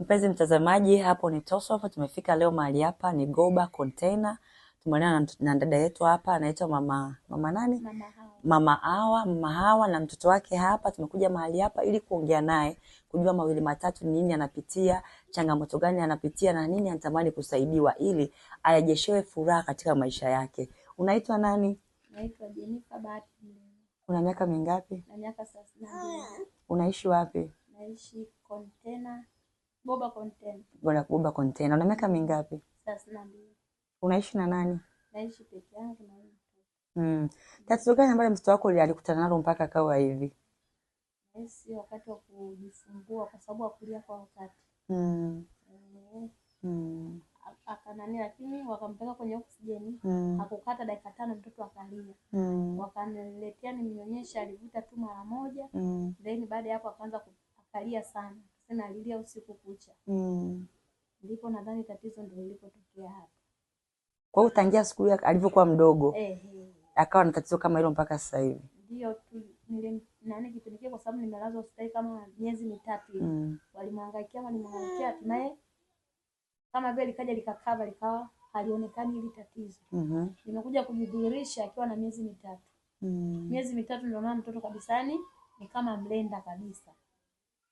Mpenzi mtazamaji, hapo ni Toso. tumefika leo mahali hapa ni Goba Container. Tumeonana na dada yetu hapa anaitwa mama mama nani? Mama Hawa. Mama Hawa, na mtoto wake hapa. Tumekuja mahali hapa ili kuongea naye, kujua mawili matatu, ni nini anapitia, changamoto gani anapitia na nini anatamani kusaidiwa ili arejeshewe furaha katika maisha yake. Unaitwa nani? Naitwa Jenifa Bahati. Una miaka mingapi? Na miaka 32. Unaishi wapi? Naishi container Boba Container. Boda Boba Container. Una miaka mingapi? 32. Unaishi na nani? Naishi peke yangu na Mm. Tatizo gani ambalo mtoto wako alikutana nalo mpaka akawa hivi? Yes, yaani wakati wa kujifungua kwa sababu akulia kwa wakati. Mm. Mm. Mm. Akanani lakini wakampeleka kwenye oksijeni mm. Hakukata dakika tano mtoto akalia mm. Wakaniletea nimnyonyesha alivuta tu mara moja mm. Then baada ya hapo akaanza kukalia sana nalilia usiku kucha mm. Ndipo nadhani tatizo ndio lilipotokea hapa. Kwa hiyo tangia siku ya alivyokuwa mdogo eh, eh, akawa na tatizo kama hilo mpaka sasa hivi. Ndio nile nani kipindikia, kwa sababu nimelazwa hospitali kama miezi mitatu hivi mm. Walimhangaikia nimhangaikia naye kama vile likaja likakava likawa halionekani hili tatizo mm -hmm. Nimekuja kujidhihirisha akiwa na miezi mitatu mm. Miezi mitatu ndio maana mtoto kabisa ni kama mlenda kabisa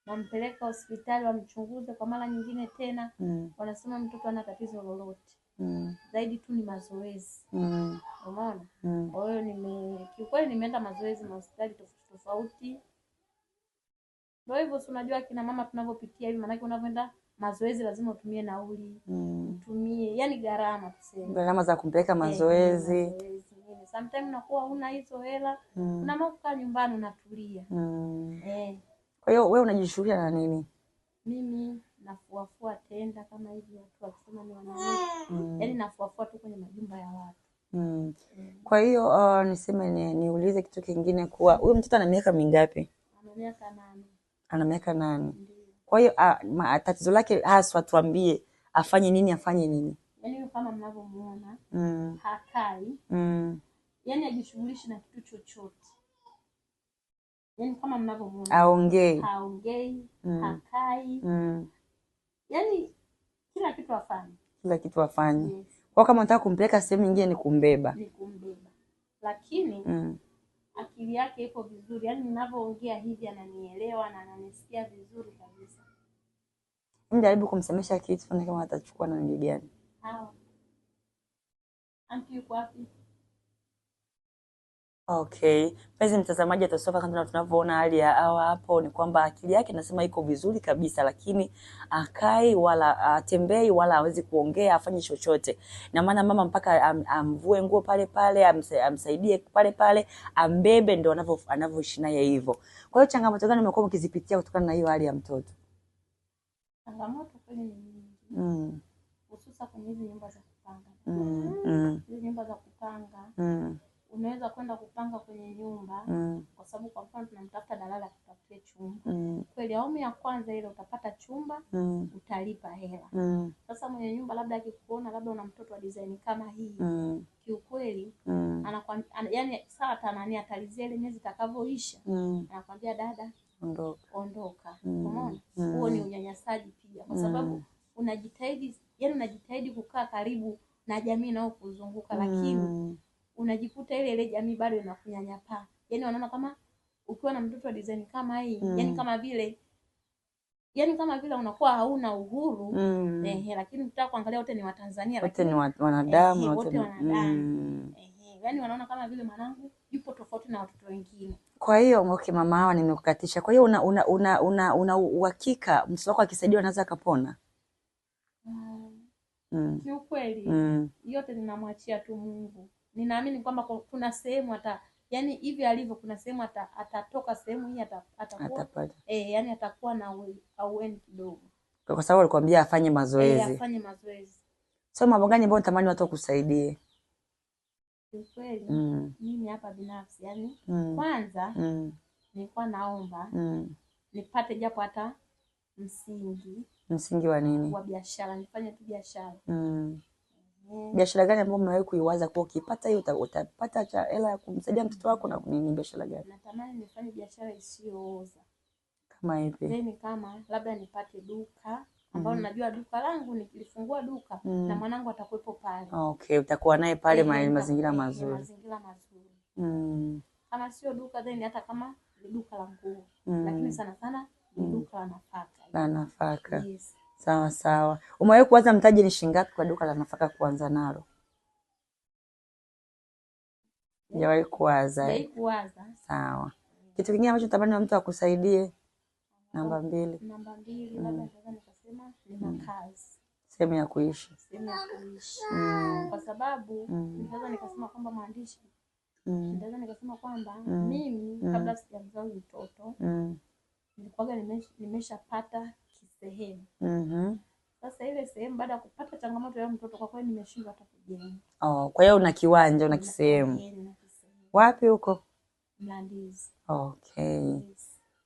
wampeleka hospitali wamchunguze kwa mara nyingine tena mm. wanasema mtoto ana tatizo lolote mm. zaidi tu ni mazoezi mm. umeona mm. kwa hiyo nime kiukweli nimeenda mazoezi mahospitali tofauti tofauti ndio hivyo si unajua kina mama tunavyopitia hivi maanake unavyoenda mazoezi lazima utumie nauli mm. utumie yani gharama tuseme gharama za kumpeleka eh, mazoezi, eh, sometimes unakuwa una hizo hela mm. unaamua kukaa nyumbani unatulia mm. eh. Kwa hiyo wewe unajishughulisha na nini? Mimi nafuafua tenda kama hivi watu wakisema ni wanawake. Mm. Yaani nafuafua tu kwenye majumba ya watu. Mm. Mm. Kwa hiyo uh, niseme ni, niulize kitu kingine kuwa huyu mtoto ana miaka mingapi? Ana miaka nane. Ana miaka nane. Kwa hiyo uh, tatizo lake haswa tuambie afanye nini afanye nini? Yaani kama mnavyomuona mm. hakai. Mm. Yaani ajishughulishi na kitu chochote yani kama mnavyomuona aongei haongei mm. hakai mm. yani kila kitu afanye kila kitu afanye yes. kwa kama unataka kumpeleka sehemu nyingine ni kumbeba ni kumbeba lakini mm. akili yake ipo vizuri yani ninavyoongea hivi ananielewa na ananisikia vizuri kabisa jaribu kumsemesha kitu na kama atachukua na nini gani sawa thank you kwa wapi Okay. Mpenzi mtazamaji ya kama tunavyoona hali ya hawa hapo ni kwamba akili yake nasema iko vizuri kabisa, lakini akai wala atembei wala hawezi kuongea afanye chochote. Na maana mama mpaka am, amvue nguo pale pale amsaidie pale pale ambebe, ndo anavyo anavyoishi naye hivyo. Kwa hiyo changamoto gani umekuwa mkizipitia kutokana na hiyo hali ya mtoto? Changamoto kweli ni nyingi. Mm. Hususa kwenye hizi nyumba za kupanga. Mm. mm. Hizi nyumba za kupanga. Mm unaweza kwenda kupanga kwenye nyumba mm. kwa sababu kwa mfano tunamtafuta dalala tutafutie chumba mm. kweli awamu ya kwanza ile utapata chumba mm. utalipa hela mm. Sasa mwenye nyumba labda akikuona labda una mtoto wa design kama hii mm. kiukweli mm. anakwambia an, yani saa tanani atalizia ile miezi itakavyoisha mm. anakwambia dada, ondoka ondoka. Mm. mm. huo mm. ni unyanyasaji pia, kwa mm. sababu mm. unajitahidi yani unajitahidi kukaa karibu na jamii inayokuzunguka mm. lakini unajikuta ile ile jamii bado inakunyanyapaa, yaani wanaona kama ukiwa na mtoto wa design kama hii yaani mm. yani kama vile yani kama vile unakuwa hauna uhuru mm. eh, lakini ukitaka kuangalia wote ni Watanzania, wote ni wanadamu eh, wote wanadamu mm. eh, yaani wanaona kama vile mwanangu yupo tofauti na watoto wengine. Kwa hiyo okay, mama hawa nimekukatisha. Kwa hiyo una una una una, una uhakika mtoto wako akisaidiwa anaweza akapona? Mm. Mm. Kiukweli mm. yote ninamwachia tu Mungu ninaamini kwamba kuna sehemu hata yani hivi alivyo, kuna sehemu atatoka sehemu hii atakuwa eh, yani atakuwa na aueni kidogo, kwa sababu alikwambia afanye eh, mazoezi, afanye mazoezi. So mambo gani ambayo natamani watu wakusaidie? Kweli mm. mimi hapa binafsi yani mm. kwanza mm. nilikuwa naomba mm. nipate japo hata msingi msingi wa nini, wa biashara, nifanye tu biashara mm biashara gani ambayo umewahi kuiwaza kwa ukipata hiyo utapata cha hela ya kumsaidia mtoto wako na nini biashara gani? Natamani nifanye biashara isiyooza. Kama hivi Then kama labda nipate duka ambao mm -hmm. najua duka langu nikilifungua duka mm -hmm. na mwanangu atakuwepo pale. Okay, utakuwa naye pale ma, mazingira mazuri. Mazingira mazuri. Mm. Kama sio duka then hata kama ni duka la nguo. Mm. Lakini sana sana ni duka la nafaka. La nafaka. Yes. Sawa sawa. Umewahi kuwaza mtaji ni shilingi ngapi kwa duka la nafaka kuanza nalo? Hujawahi kuwaza. eh? Kuwaza. Sawa. Kitu kingine ambacho tamani wa mtu akusaidie namba mbili. Namba mbili mm. labda naweza nikasema ni makazi. Sehemu ya kuishi. Sehemu ya kuishi. Mm. Kwa sababu mm. nikasema kwamba mwandishi mm. naweza nikasema kwamba mm. mimi mm. kabla sijamzaa mtoto mm. nilikuwa nimeshapata sehemu mm sasa Ile sehemu baada ya kupata changamoto ya mtoto, kwa kweli nimeshindwa hata kujenga. Oh, kwa hiyo una kiwanja una kisehemu wapi huko Mlandizi? Okay.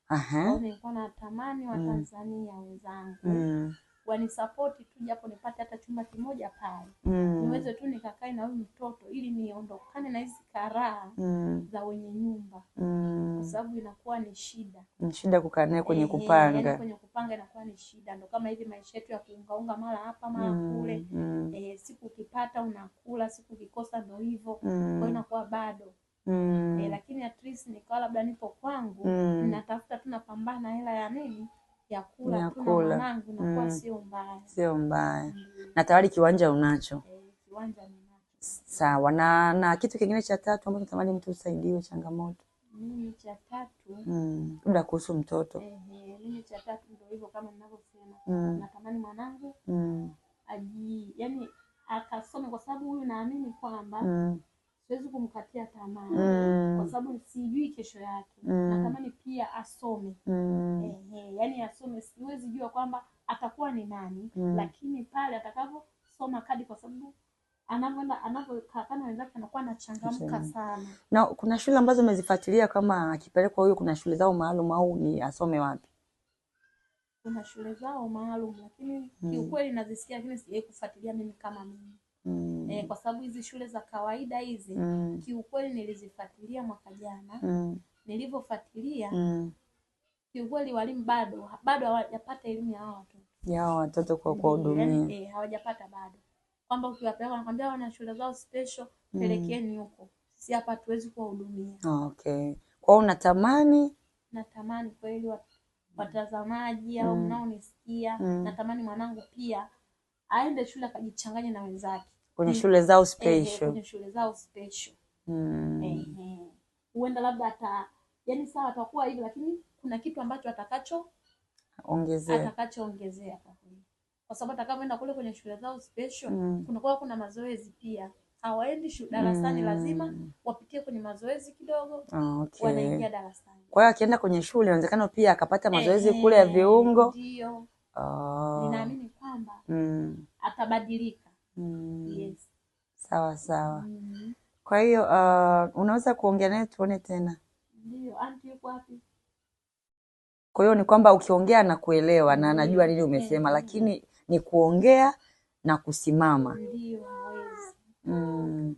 Aha. Nilikuwa natamani mm. Watanzania wenzangu mm wanisapoti tu japo nipate hata chumba kimoja pale mm. niweze tu nikakae na huyu mtoto ili niondokane na hizi karaa mm. za wenye nyumba mm. kwa sababu inakuwa ni shida ni shida kukaa naye kwenye eh, kupanga e, yani kwenye kupanga inakuwa ni shida ndo kama hivi maisha yetu ya kuungaunga mara hapa mara mm. kule mm. e, siku ukipata unakula siku ukikosa ndo hivyo mm. kwa inakuwa bado Mm. E, lakini at least nikawa labda nipo kwangu mm. natafuta tu napambana hela ya nini ya kula tu na mwanangu nakuwa mm. sio mbaya. Sio mbaya. Mm. Na tayari kiwanja unacho. Eh, kiwanja ninacho. Sawa. Na na kitu kingine cha tatu ambacho natamani mtu usaidiwe changamoto. Mimi cha tatu. Mm. Labda kuhusu mtoto. Eh, mimi eh, cha tatu ndio hivyo kama ninavyosema. Mm. Natamani mwanangu. Mm. Aji, yani akasome kwa sababu huyu naamini kwamba mm siwezi kumkatia tamaa mm. kwa sababu sijui kesho yake mm. natamani pia asome mm. eh, eh, yani asome, siwezi jua kwamba atakuwa ni nani mm. lakini pale atakavyosoma kadi, kwa sababu anavyoenda na wenzake anakuwa anachangamka sana. Na kuna shule ambazo umezifuatilia kama akipelekwa huyo, kuna shule zao maalum au ni asome wapi? Kuna shule zao maalum, lakini mm. kiukweli nazisikia, lakini sijai kufuatilia mimi kama mimi mm. eh, kwa sababu hizi shule za kawaida hizi mm. kiukweli nilizifuatilia mwaka jana mm. nilivyofuatilia mm. kiukweli walimu bado bado hawajapata elimu ya wao ya watoto kwa yaani, kuwahudumia yaani, eh, hawajapata bado kwamba ukiwapeleka wanakwambia wana shule zao special mm. pelekeni huko si hapa hatuwezi kuwahudumia. Okay, kwao unatamani natamani kweli watazamaji mm. au mnaonisikia mm. natamani mwanangu pia aende shule akajichanganye na wenzake kwenye mm. shule zao eh, eh, special, kwenye shule zao special. Mm. Eh, Huenda labda ata yani sawa atakuwa hivi, lakini kuna kitu ambacho atakacho ongezea atakachoongezea kwa sababu atakapoenda kule kwenye shule zao special mm. kunakuwa kuna mazoezi pia hawaendi darasani mm. lazima wapitie kwenye mazoezi kidogo. Oh, okay. Wanaingia darasani. Kwa hiyo akienda kwenye shule inawezekana pia akapata mazoezi eh, kule ya viungo ndio. Ninaamini kwamba mm. atabadilika mm. yes. sawa sawa mm. Kwa hiyo uh, unaweza kuongea naye tuone tena? Ndio, anti yuko wapi? Kwa hiyo ni kwamba ukiongea na kuelewa na anajua nini umesema, lakini ni kuongea na kusimama. Mm.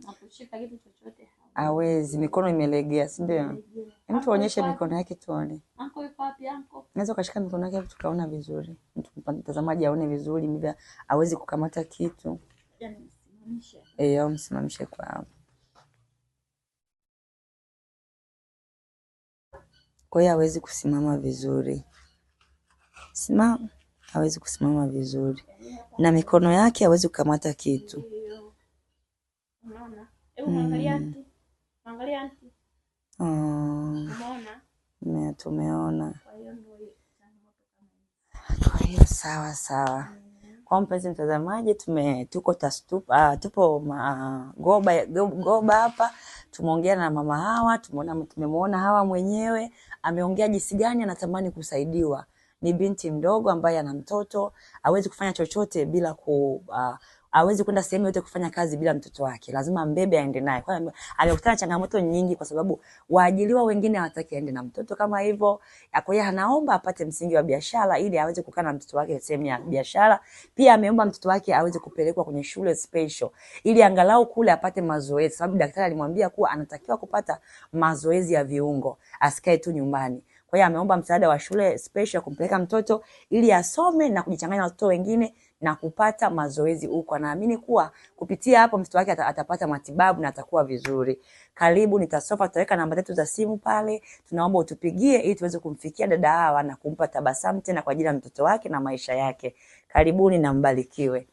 mikono imelegea, si ndio? Mtu aonyeshe mikono yake tuone. Anko ukashika mikono yake tukaona vizuri mtu mtazamaji aone vizuri, mivya awezi kukamata kitu e, yaani au msimamishe hapo Kwa hiyo hawezi kusimama vizuri, sima hawezi kusimama vizuri na mikono yake hawezi kukamata kitu mm. Oh. Tumeona Haya, sawa sawa. Kwa mpenzi mtazamaji, tume tuko tastupa, ah, tupo ma, goba goba hapa, tumeongea na mama Hawa, tumeona tumemwona Hawa mwenyewe ameongea jinsi gani anatamani kusaidiwa. Ni binti mdogo ambaye ana mtoto, hawezi kufanya chochote bila ku, uh, hawezi kwenda sehemu yote kufanya kazi bila mtoto wake, lazima mbebe aende naye. Kwa hiyo amekutana changamoto nyingi, kwa sababu waajiliwa wengine hawataki aende na mtoto kama hivyo. Kwa hiyo anaomba apate msingi wa biashara ili aweze kukaa na mtoto wake sehemu ya biashara. Pia ameomba mtoto wake aweze kupelekwa kwenye shule special ili angalau kule apate mazoezi, sababu daktari alimwambia kuwa anatakiwa kupata mazoezi ya viungo, asikae tu nyumbani. Kwa hiyo ameomba msaada wa shule special kumpeleka mtoto ili asome na kujichanganya na watoto wengine na kupata mazoezi huko. Anaamini kuwa kupitia hapo mtoto wake atapata matibabu na atakuwa vizuri. Karibu Nitasofa, tutaweka namba zetu za simu pale, tunaomba utupigie ili tuweze kumfikia dada Hawa na kumpa tabasamu tena kwa ajili ya mtoto wake na maisha yake. Karibuni na mbarikiwe.